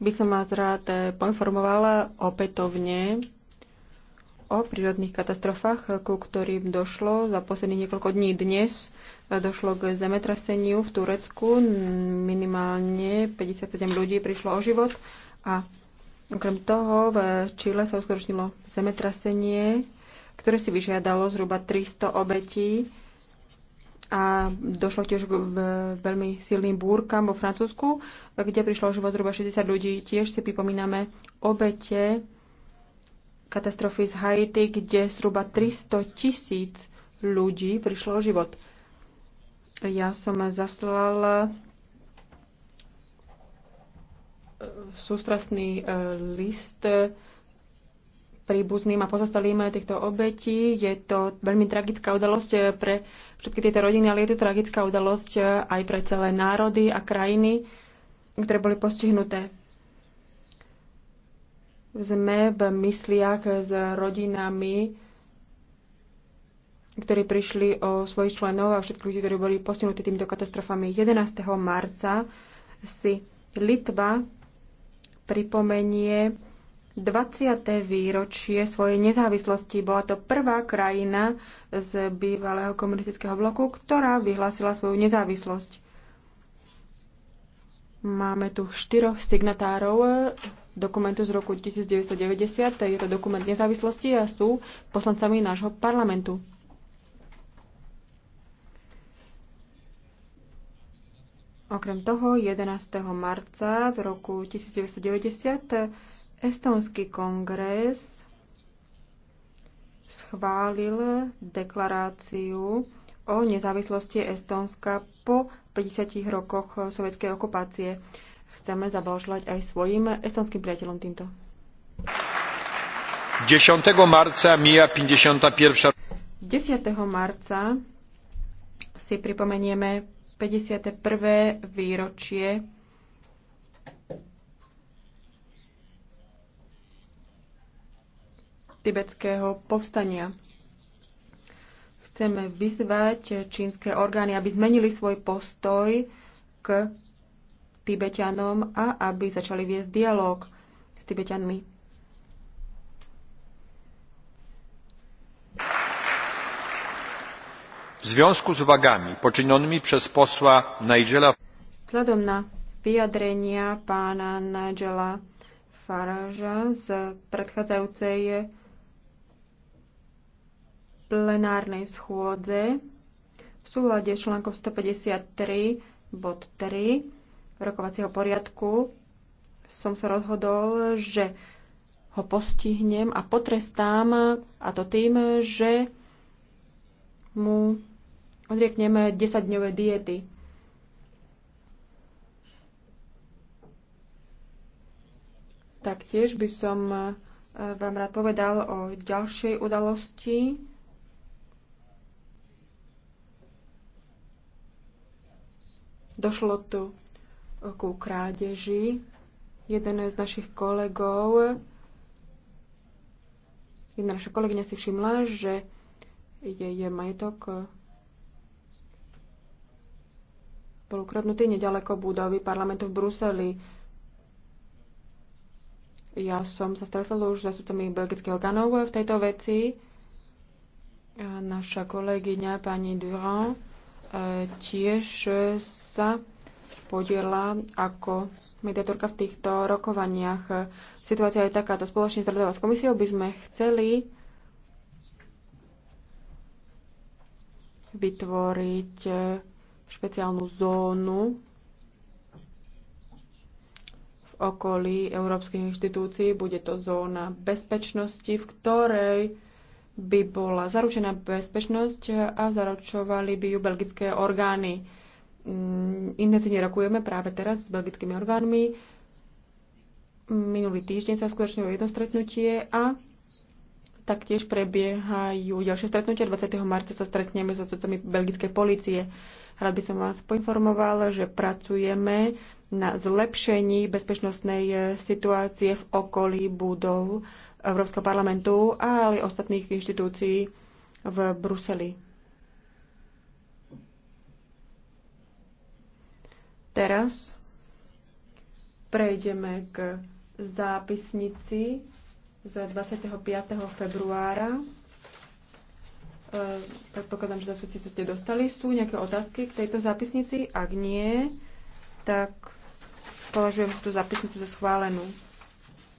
by som vás rád eh, poinformovala opätovne o prírodných katastrofách, eh, ku ktorým došlo za posledných niekoľko dní. Dnes eh, došlo k zemetraseniu v Turecku. Minimálne 57 ľudí prišlo o život a okrem toho v Čile sa uskutočnilo zemetrasenie, ktoré si vyžiadalo zhruba 300 obetí a došlo tiež k veľmi silným búrkam vo Francúzsku, kde prišlo o život zhruba 60 ľudí. Tiež si pripomíname obete katastrofy z Haiti, kde zhruba 300 tisíc ľudí prišlo o život. Ja som zaslal e, sústrasný e, list príbuzným a pozostalým týchto obetí. Je to veľmi tragická udalosť pre všetky tieto rodiny, ale je to tragická udalosť aj pre celé národy a krajiny, ktoré boli postihnuté. Sme v mysliach s rodinami, ktorí prišli o svojich členov a všetkých ľudí, ktorí boli postihnutí týmito katastrofami. 11. marca si Litva pripomenie 20. výročie svojej nezávislosti. Bola to prvá krajina z bývalého komunistického bloku, ktorá vyhlásila svoju nezávislosť. Máme tu štyroch signatárov dokumentu z roku 1990. Je to dokument nezávislosti a sú poslancami nášho parlamentu. Okrem toho 11. marca v roku 1990 Estonský kongres schválil deklaráciu o nezávislosti Estónska po 50 rokoch sovietskej okupácie. Chceme zablažovať aj svojim estonským priateľom týmto. 10. marca 51. 10. marca si pripomenieme 51. výročie tibetského povstania. Chceme vyzvať čínske orgány, aby zmenili svoj postoj k Tibetanom a aby začali viesť dialog s Tibetanmi. V związku z uwagami poczynionymi przez posła Nigela Vzhľadom na vyjadrenia pána Nigela Faraža z predchádzajúcej plenárnej schôdze v súlade s článkom 153 bod 3 rokovacieho poriadku som sa rozhodol, že ho postihnem a potrestám a to tým, že mu odriekneme 10-dňové diety. Taktiež by som vám rád povedal o ďalšej udalosti, Došlo tu e, ku krádeži. Jeden z našich kolegov, jedna naša kolegyňa si všimla, že je, je majetok e, bol ukradnutý nedaleko budovy parlamentu v Bruseli. Ja som sa stretla už za sudcami belgických orgánov v tejto veci. A naša kolegyňa pani Durand tiež sa podiela ako mediatorka v týchto rokovaniach. Situácia je takáto. Spoločne s s komisiou by sme chceli vytvoriť e, špeciálnu zónu v okolí európskych inštitúcií. Bude to zóna bezpečnosti, v ktorej by bola zaručená bezpečnosť a zaručovali by ju belgické orgány. Mm, intenzívne rokujeme práve teraz s belgickými orgánmi. Minulý týždeň sa skutočnilo jedno stretnutie a taktiež prebiehajú ďalšie stretnutia. 20. marca sa stretneme s so odcovcami belgickej policie. Rád by som vás poinformovala, že pracujeme na zlepšení bezpečnostnej eh, situácie v okolí budov Európskeho parlamentu, a aj ostatných inštitúcií v Bruseli. Teraz prejdeme k zápisnici z 25. februára. Eh, predpokladám, že zápisnicu ste dostali. Sú nejaké otázky k tejto zápisnici? Ak nie, tak Považujem tú zapisnicu za schválenú.